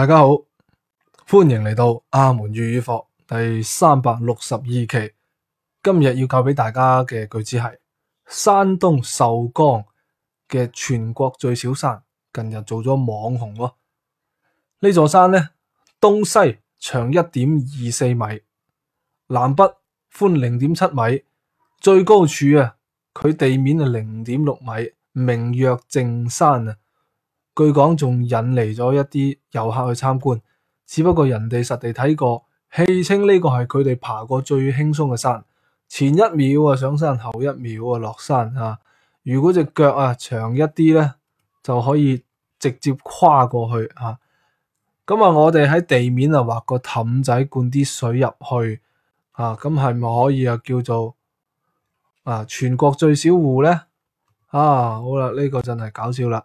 大家好，歡迎嚟到阿門粵語課第三百六十二期。今日要教俾大家嘅句子係：山東壽光嘅全國最小山，近日做咗網紅咯。呢座山呢，東西長一點二四米，南北寬零點七米，最高處啊，佢地面係零點六米，名曰靜山啊。據講仲引嚟咗一啲遊客去參觀，只不過人哋實地睇過，戲稱呢個係佢哋爬過最輕鬆嘅山。前一秒啊上山，後一秒啊落山啊。如果隻腳啊長一啲呢，就可以直接跨過去啊。咁啊，我哋喺地面啊畫個氹仔，灌啲水入去啊，咁係咪可以啊叫做啊全國最小湖呢？啊好啦，呢個真係搞笑啦！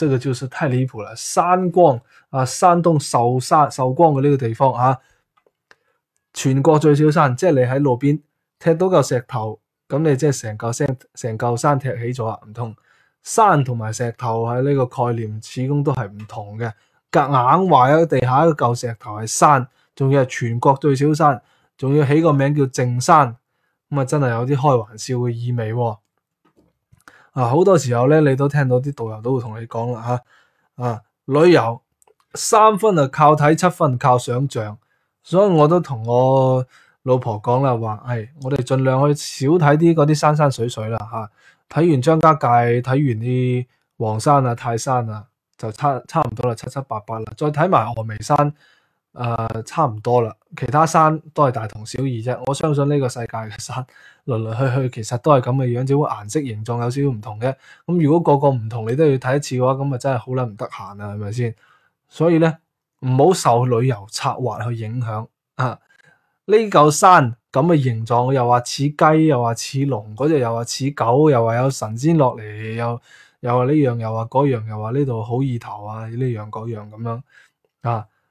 這個就是太離譜啦！山光啊，山東壽山壽光嘅呢個地方啊，全國最小山，即係你喺路邊踢到嚿石頭，咁你即係成嚿山成嚿山踢起咗啊！唔通？山同埋石頭喺呢個概念始終都係唔同嘅。隔硬話一地下一個舊石頭係山，仲要係全國最小山，仲要起個名叫靜山，咁啊真係有啲開玩笑嘅意味哦。啊，好多時候咧，你都聽到啲導遊都會同你講啦，吓，啊，旅遊三分啊靠睇，七分靠想象，所以我都同我老婆講啦，話，唉、哎，我哋盡量去少睇啲嗰啲山山水水啦，吓、啊，睇完張家界，睇完啲黃山啊、泰山啊，就差差唔多啦，七七八八啦，再睇埋峨眉山。誒、呃，差唔多啦，其他山都係大同小異啫。我相信呢個世界嘅山，來來去去其實都係咁嘅樣，樣子，只會顏色形狀有少少唔同嘅。咁，嗯、如果個個唔同，你都要睇一次嘅話，咁咪真係好啦唔得閒啦，係咪先？所以咧，唔好受旅遊策劃去影響啊！呢、這、嚿、個、山咁嘅形狀，又話似雞，又話似龍，嗰、那、隻、個、又話似狗，又話有神仙落嚟，又又話呢樣，又話嗰樣，又話呢度好意頭啊，呢樣嗰樣咁樣啊。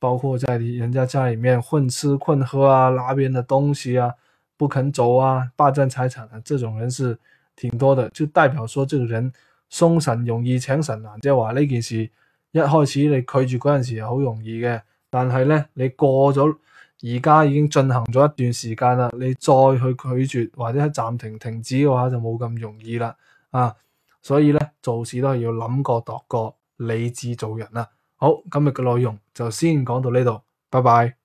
包括在人家家裏面混吃混喝啊，拿別人的東西啊，不肯走啊，霸占財產啊，這種人是挺多的，就代表說，這個人送神容易請神難，即係話呢件事一開始你拒絕嗰陣時係好容易嘅，但係咧你過咗而家已經進行咗一段時間啦，你再去拒絕或者係暫停停止嘅話就冇咁容易啦，啊，所以咧做事都係要諗過度過，理智做人啦。好，今日嘅內容就先講到呢度，拜拜。